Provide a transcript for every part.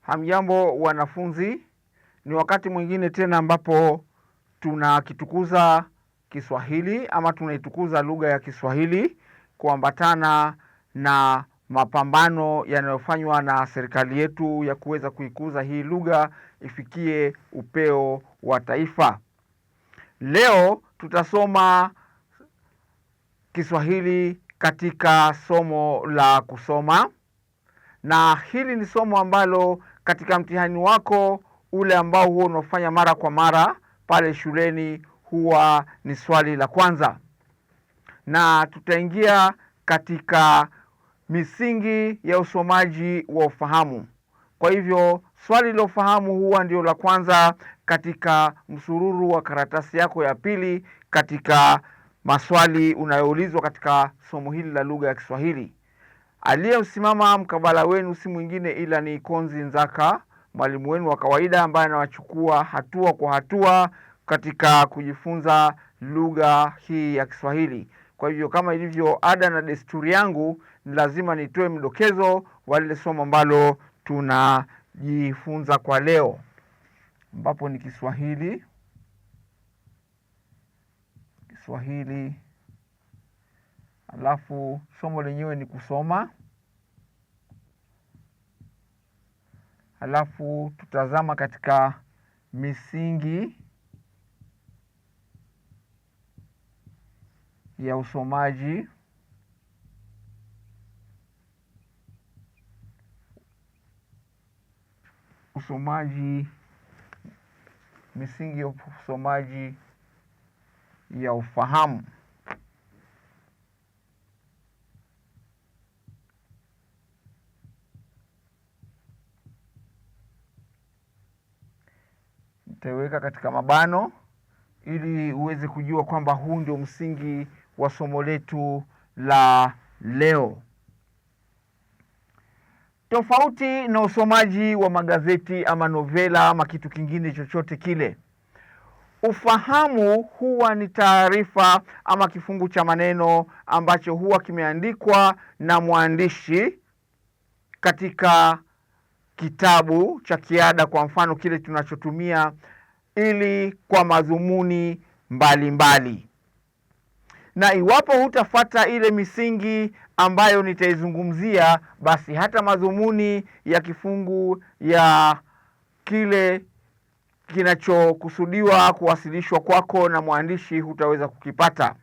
Hamjambo wanafunzi, ni wakati mwingine tena ambapo tunakitukuza Kiswahili ama tunaitukuza lugha ya Kiswahili kuambatana na mapambano yanayofanywa na serikali yetu ya kuweza kuikuza hii lugha ifikie upeo wa taifa. Leo tutasoma Kiswahili katika somo la kusoma, na hili ni somo ambalo katika mtihani wako ule ambao huwa unaofanya mara kwa mara pale shuleni huwa ni swali la kwanza, na tutaingia katika misingi ya usomaji wa ufahamu. Kwa hivyo swali la ufahamu huwa ndio la kwanza katika msururu wa karatasi yako ya pili katika maswali unayoulizwa katika somo hili la lugha ya Kiswahili. Aliyemsimama mkabala wenu si mwingine ila ni Konzi Nzaka, mwalimu wenu wa kawaida ambaye anawachukua hatua kwa hatua katika kujifunza lugha hii ya Kiswahili. Kwa hivyo, kama ilivyo ada na desturi yangu, ni lazima nitoe mdokezo wa lile somo ambalo tunajifunza kwa leo, ambapo ni Kiswahili Kiswahili. Alafu somo lenyewe ni kusoma. Alafu tutazama katika misingi ya usomaji. Usomaji, misingi ya usomaji ya ufahamu. Nitaiweka katika mabano ili uweze kujua kwamba huu ndio msingi wa somo letu la leo. Tofauti na usomaji wa magazeti ama novela ama kitu kingine chochote kile, Ufahamu huwa ni taarifa ama kifungu cha maneno ambacho huwa kimeandikwa na mwandishi katika kitabu cha kiada, kwa mfano kile tunachotumia ili kwa madhumuni mbalimbali Na iwapo hutafata ile misingi ambayo nitaizungumzia, basi hata madhumuni ya kifungu ya kile kinachokusudiwa kuwasilishwa kwako na mwandishi hutaweza kukipata.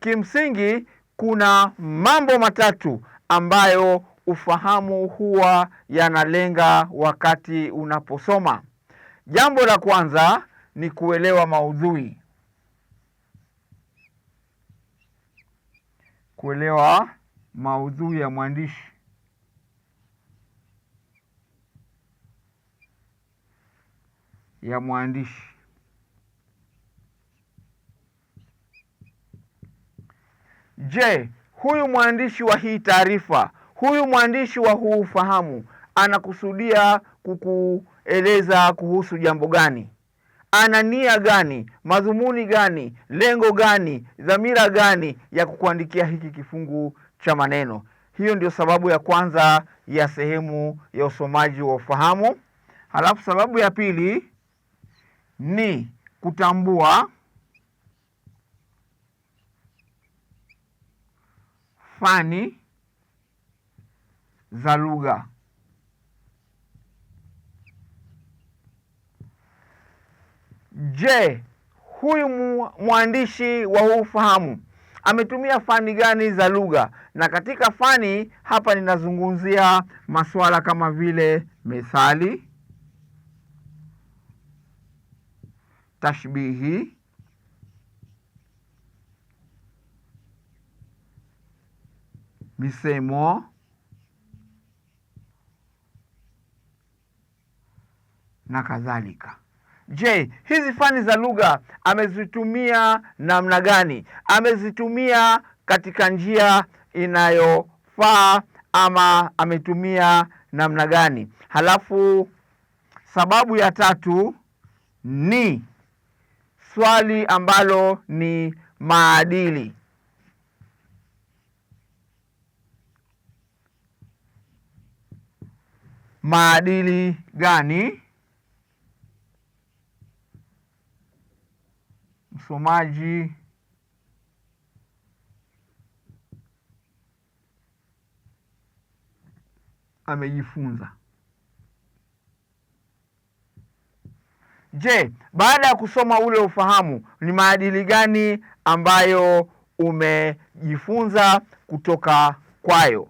Kimsingi, kuna mambo matatu ambayo ufahamu huwa yanalenga wakati unaposoma. Jambo la kwanza ni kuelewa maudhui, kuelewa maudhui ya mwandishi ya mwandishi. Je, huyu mwandishi wa hii taarifa, huyu mwandishi wa huu ufahamu anakusudia kukueleza kuhusu jambo gani? Ana nia gani? Madhumuni gani? Lengo gani? Dhamira gani ya kukuandikia hiki kifungu cha maneno? Hiyo ndio sababu ya kwanza ya sehemu ya usomaji wa ufahamu. Halafu sababu ya pili ni kutambua fani za lugha. Je, huyu mwandishi wa ufahamu ametumia fani gani za lugha? Na katika fani hapa ninazungumzia masuala kama vile methali tashbihi misemo na kadhalika. Je, hizi fani za lugha amezitumia namna gani? Amezitumia katika njia inayofaa ama ametumia namna gani? Halafu sababu ya tatu ni swali ambalo ni maadili. Maadili gani msomaji amejifunza? Je, baada ya kusoma ule ufahamu ni maadili gani ambayo umejifunza kutoka kwayo?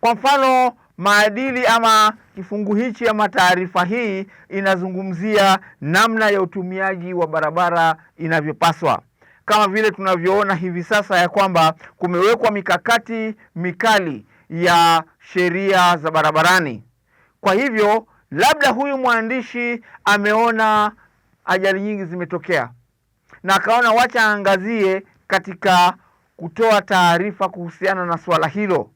Kwa mfano maadili ama kifungu hichi ama taarifa hii inazungumzia namna ya utumiaji wa barabara inavyopaswa, kama vile tunavyoona hivi sasa ya kwamba kumewekwa mikakati mikali ya sheria za barabarani. Kwa hivyo Labda huyu mwandishi ameona ajali nyingi zimetokea, na akaona wacha aangazie katika kutoa taarifa kuhusiana na swala hilo,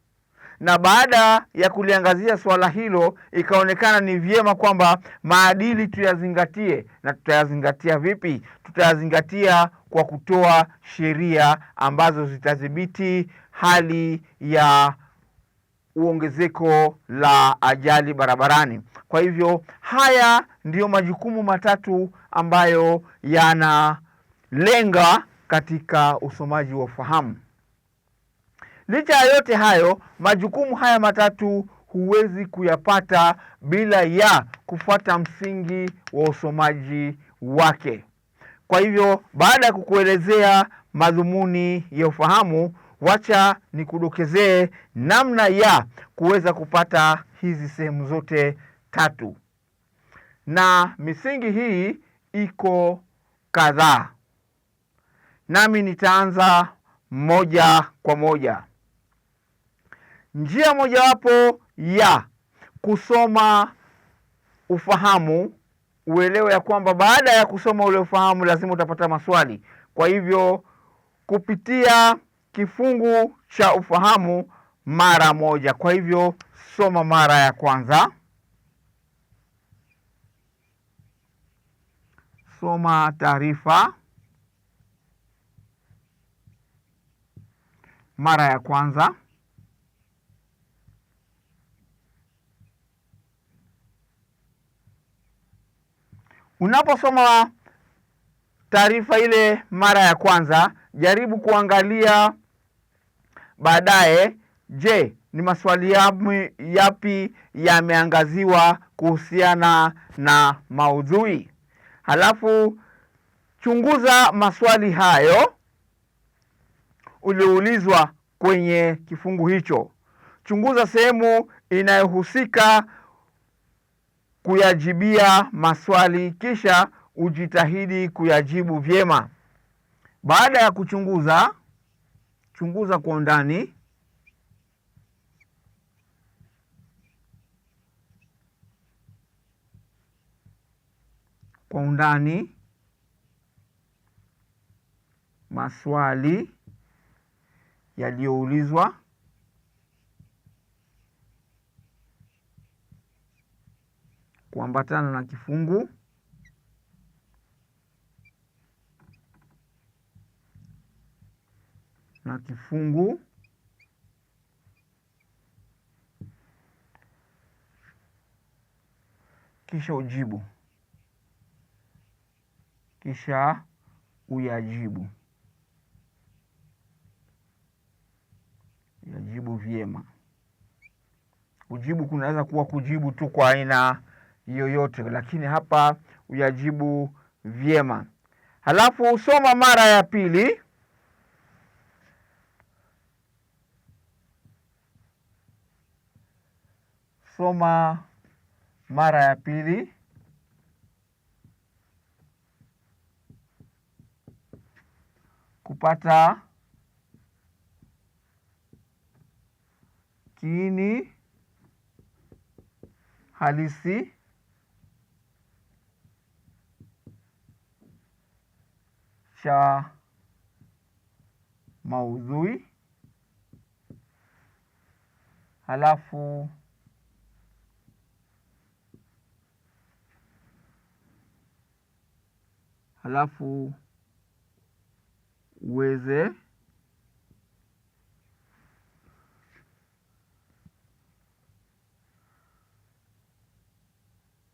na baada ya kuliangazia swala hilo ikaonekana ni vyema kwamba maadili tuyazingatie. Na tutayazingatia vipi? Tutayazingatia kwa kutoa sheria ambazo zitadhibiti hali ya uongezeko la ajali barabarani. Kwa hivyo haya ndiyo majukumu matatu ambayo yanalenga katika usomaji wa ufahamu. Licha ya yote hayo, majukumu haya matatu huwezi kuyapata bila ya kufuata msingi wa usomaji wake. Kwa hivyo, baada ya kukuelezea madhumuni ya ufahamu wacha nikudokezee namna ya kuweza kupata hizi sehemu zote tatu, na misingi hii iko kadhaa, nami nitaanza moja kwa moja. Njia mojawapo ya kusoma ufahamu uelewe ya kwamba baada ya kusoma ule ufahamu lazima utapata maswali. Kwa hivyo kupitia kifungu cha ufahamu mara moja. Kwa hivyo soma mara ya kwanza, soma taarifa mara ya kwanza. Unaposoma taarifa ile mara ya kwanza, jaribu kuangalia baadaye. Je, ni maswali yapi yameangaziwa kuhusiana na maudhui? Halafu chunguza maswali hayo ulioulizwa kwenye kifungu hicho. Chunguza sehemu inayohusika kuyajibia maswali, kisha ujitahidi kuyajibu vyema. Baada ya kuchunguza chunguza kwa undani. Kwa undani, maswali yaliyoulizwa kuambatana na kifungu na kifungu kisha ujibu, kisha uyajibu, uyajibu vyema. ujibu kunaweza kuwa kujibu tu kwa aina yoyote, lakini hapa uyajibu vyema, halafu soma mara ya pili. soma mara ya pili. Kupata kiini halisi cha maudhui halafu halafu uweze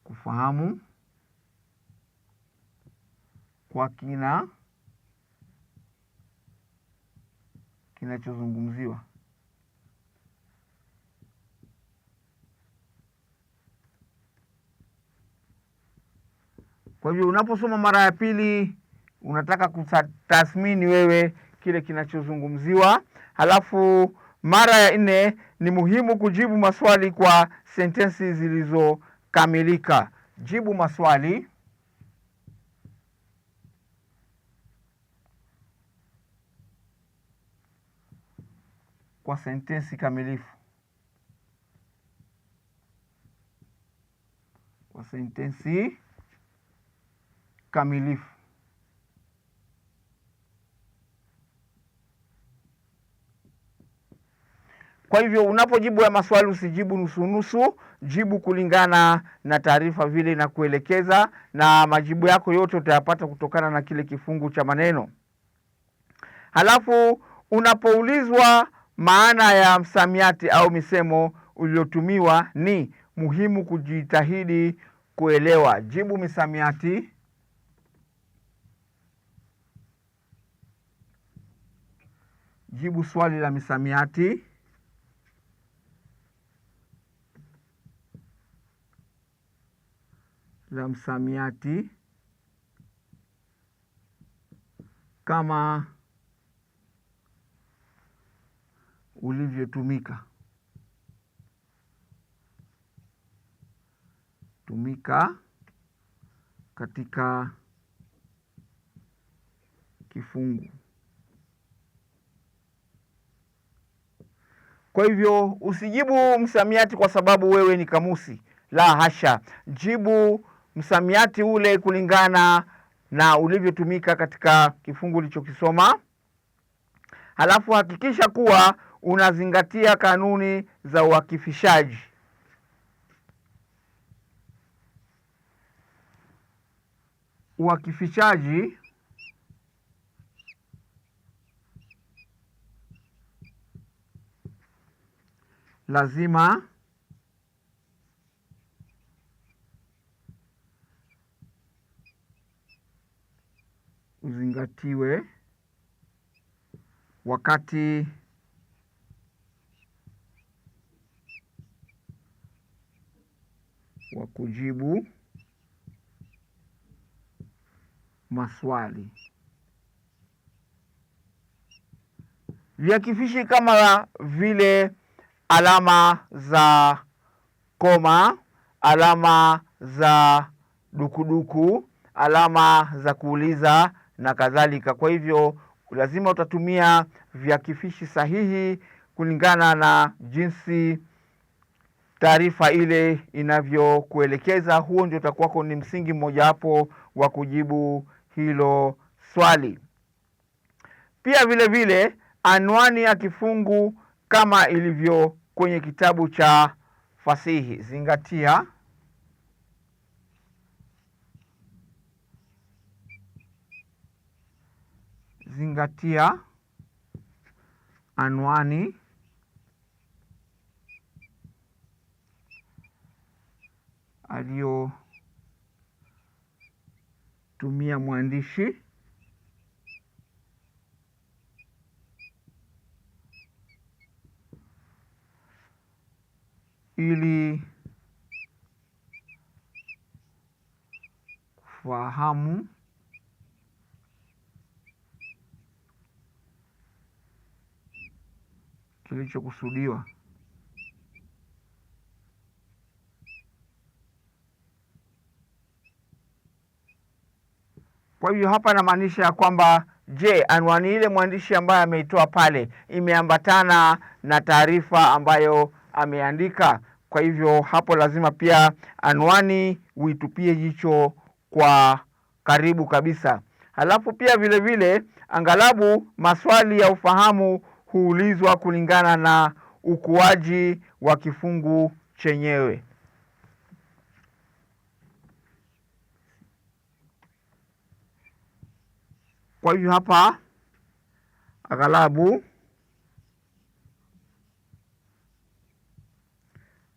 kufahamu kwa kina kinachozungumziwa. Kwa hivyo unaposoma mara ya pili, unataka kutathmini wewe kile kinachozungumziwa. Halafu mara ya nne ni muhimu kujibu maswali kwa sentensi zilizokamilika. Jibu maswali kwa sentensi kamilifu, kwa sentensi kikamilifu. Kwa hivyo unapojibu ya maswali usijibu nusunusu, jibu kulingana na taarifa vile inakuelekeza, na majibu yako yote utayapata kutokana na kile kifungu cha maneno. Halafu unapoulizwa maana ya msamiati au misemo uliotumiwa, ni muhimu kujitahidi kuelewa. Jibu misamiati jibu swali la misamiati. la msamiati kama ulivyotumika tumika katika kifungu. Kwa hivyo usijibu msamiati kwa sababu wewe ni kamusi, la hasha. Jibu msamiati ule kulingana na ulivyotumika katika kifungu ulichokisoma, halafu hakikisha kuwa unazingatia kanuni za uakifishaji. Uakifishaji lazima uzingatiwe wakati wa kujibu maswali. Viakifishi kama vile alama za koma, alama za dukuduku, alama za kuuliza na kadhalika. Kwa hivyo lazima utatumia viakifishi sahihi kulingana na jinsi taarifa ile inavyokuelekeza. Huo ndio utakuwako ni msingi mmojawapo wa kujibu hilo swali. Pia vile vile anwani ya kifungu kama ilivyo kwenye kitabu cha fasihi. Zingatia zingatia anwani aliyotumia mwandishi. ili kufahamu kilichokusudiwa. Kwa hivyo hapa namaanisha ya kwamba je, anwani ile mwandishi ambaye ameitoa pale imeambatana na taarifa ambayo ameandika. Kwa hivyo hapo lazima pia anwani uitupie jicho kwa karibu kabisa. Halafu pia vile vile angalabu maswali ya ufahamu huulizwa kulingana na ukuaji wa kifungu chenyewe. Kwa hivyo hapa aghalabu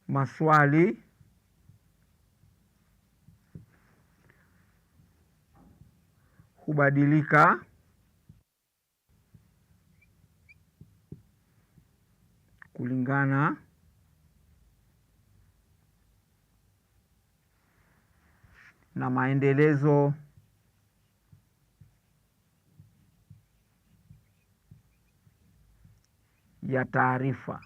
maswali hubadilika kulingana na maendelezo ya taarifa.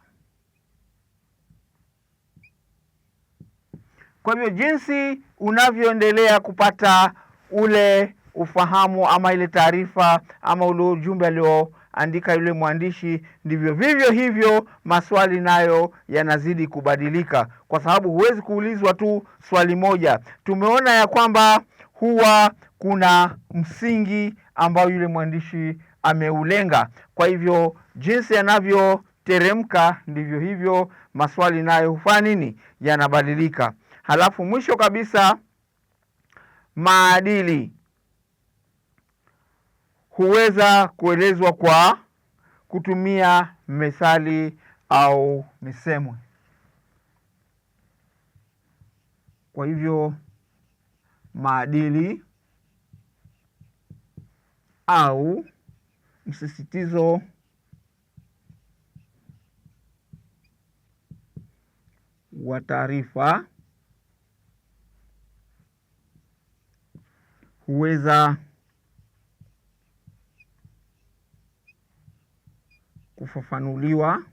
Kwa hivyo jinsi unavyoendelea kupata ule ufahamu ama ile taarifa ama ule ujumbe alioandika yule mwandishi, ndivyo vivyo hivyo maswali nayo yanazidi kubadilika, kwa sababu huwezi kuulizwa tu swali moja. Tumeona ya kwamba huwa kuna msingi ambao yule mwandishi ameulenga. Kwa hivyo jinsi yanavyoteremka ndivyo hivyo maswali nayo hufanya nini, yanabadilika. Halafu mwisho kabisa, maadili huweza kuelezwa kwa kutumia methali au misemwe. Kwa hivyo maadili au msisitizo wa taarifa huweza kufafanuliwa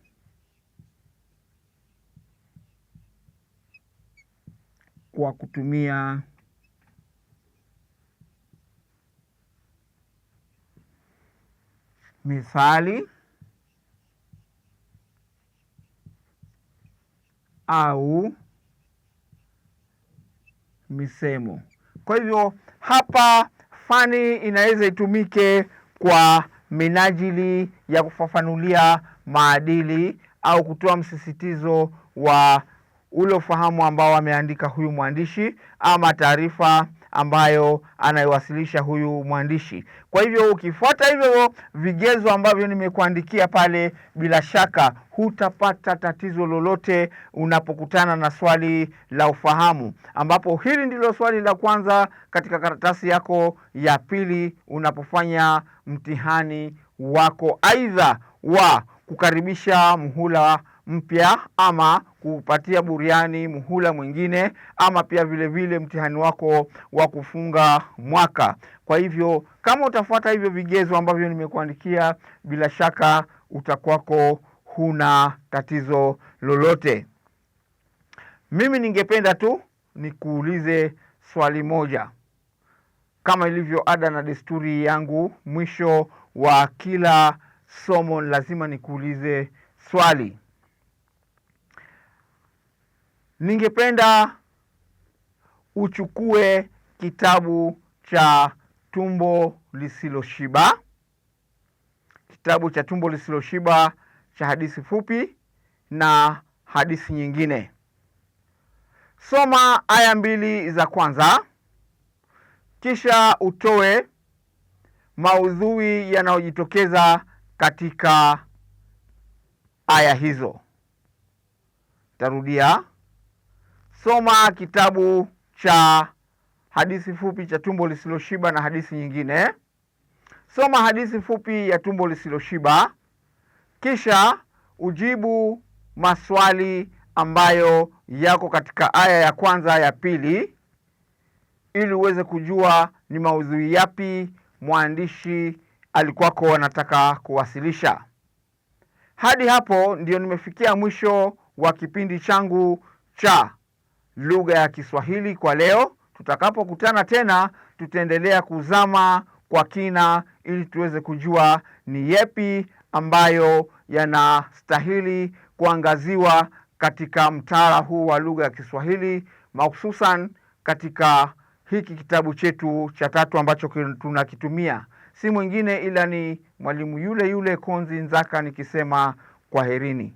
kwa kutumia mithali au misemo. Kwa hivyo hapa fani inaweza itumike kwa minajili ya kufafanulia maadili au kutoa msisitizo wa ule ufahamu ambao ameandika huyu mwandishi ama taarifa ambayo anaiwasilisha huyu mwandishi. Kwa hivyo ukifuata hivyo vigezo ambavyo nimekuandikia pale, bila shaka hutapata tatizo lolote unapokutana na swali la ufahamu, ambapo hili ndilo swali la kwanza katika karatasi yako ya pili unapofanya mtihani wako, aidha wa kukaribisha muhula mpya ama kupatia buriani muhula mwingine ama pia vile vile mtihani wako wa kufunga mwaka. Kwa hivyo kama utafuata hivyo vigezo ambavyo nimekuandikia, bila shaka utakwako huna tatizo lolote. Mimi ningependa tu nikuulize swali moja, kama ilivyo ada na desturi yangu, mwisho wa kila somo lazima nikuulize swali ningependa uchukue kitabu cha Tumbo Lisiloshiba, kitabu cha Tumbo Lisiloshiba cha hadithi fupi na hadithi nyingine. Soma aya mbili za kwanza, kisha utoe maudhui yanayojitokeza katika aya hizo. Tarudia, soma kitabu cha hadithi fupi cha tumbo lisiloshiba na hadithi nyingine. Soma hadithi fupi ya tumbo lisiloshiba, kisha ujibu maswali ambayo yako katika aya ya kwanza ya pili, ili uweze kujua ni maudhui yapi mwandishi alikuwako anataka kuwasilisha. Hadi hapo ndiyo nimefikia mwisho wa kipindi changu cha lugha ya Kiswahili kwa leo. Tutakapokutana tena, tutaendelea kuzama kwa kina ili tuweze kujua ni yepi ambayo yanastahili kuangaziwa katika mtaala huu wa lugha ya Kiswahili, mahususan katika hiki kitabu chetu cha tatu ambacho tunakitumia. Si mwingine ila ni mwalimu yule yule Konzi Nzaka, nikisema kwaherini.